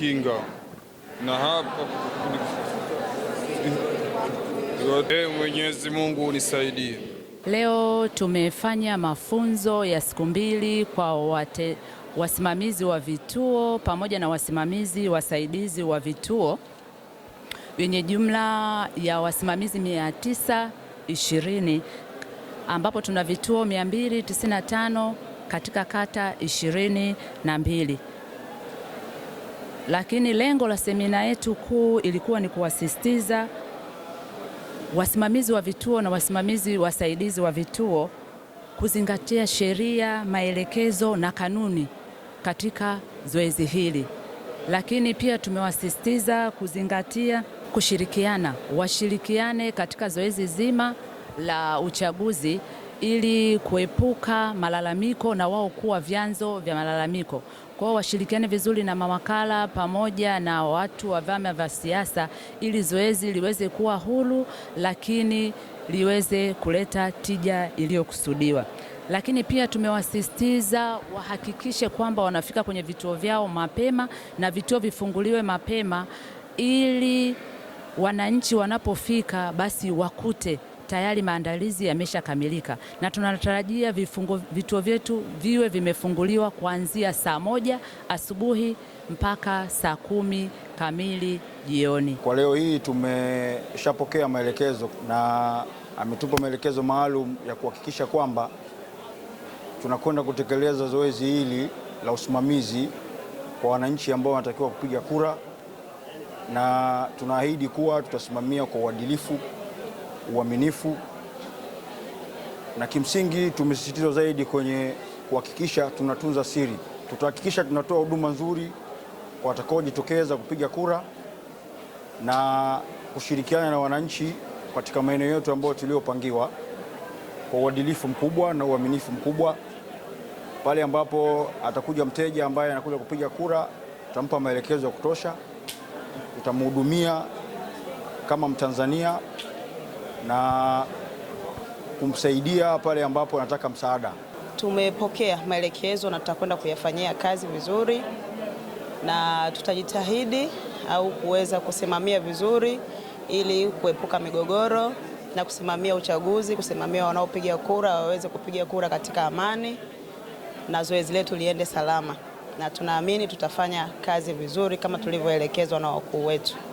kujikinga na hapa yote. Mwenyezi Mungu unisaidie. Leo tumefanya mafunzo ya siku mbili kwa wate, wasimamizi wa vituo pamoja na wasimamizi wasaidizi wa vituo wenye jumla ya wasimamizi 920 ambapo tuna vituo 295 katika kata ishirini na mbili. Lakini lengo la semina yetu kuu ilikuwa ni kuwasisitiza wasimamizi wa vituo na wasimamizi wasaidizi wa vituo kuzingatia sheria, maelekezo na kanuni katika zoezi hili. Lakini pia tumewasisitiza kuzingatia kushirikiana, washirikiane katika zoezi zima la uchaguzi ili kuepuka malalamiko na wao kuwa vyanzo vya malalamiko. Kwa hiyo washirikiane vizuri na mawakala pamoja na watu wa vyama vya siasa ili zoezi liweze kuwa huru, lakini liweze kuleta tija iliyokusudiwa. Lakini pia tumewasisitiza wahakikishe kwamba wanafika kwenye vituo vyao mapema na vituo vifunguliwe mapema ili wananchi wanapofika basi wakute tayari maandalizi yameshakamilika na tunatarajia vifungo, vituo vyetu viwe vimefunguliwa kuanzia saa moja asubuhi mpaka saa kumi kamili jioni. Kwa leo hii tumeshapokea maelekezo na ametupa maelekezo maalum ya kuhakikisha kwamba tunakwenda kutekeleza zoezi hili la usimamizi kwa wananchi ambao wanatakiwa kupiga kura, na tunaahidi kuwa tutasimamia kwa uadilifu uaminifu, na kimsingi tumesisitiza zaidi kwenye kuhakikisha tunatunza siri. Tutahakikisha tunatoa huduma nzuri kwa watakaojitokeza kupiga kura na kushirikiana na wananchi katika maeneo yote ambayo tuliyopangiwa kwa uadilifu mkubwa na uaminifu mkubwa. Pale ambapo atakuja mteja ambaye anakuja kupiga kura, tutampa maelekezo ya kutosha, tutamhudumia kama Mtanzania na kumsaidia pale ambapo anataka msaada. Tumepokea maelekezo na tutakwenda kuyafanyia kazi vizuri, na tutajitahidi au kuweza kusimamia vizuri ili kuepuka migogoro na kusimamia uchaguzi, kusimamia wanaopiga kura waweze kupiga kura katika amani na zoezi letu liende salama, na tunaamini tutafanya kazi vizuri kama tulivyoelekezwa na wakuu wetu.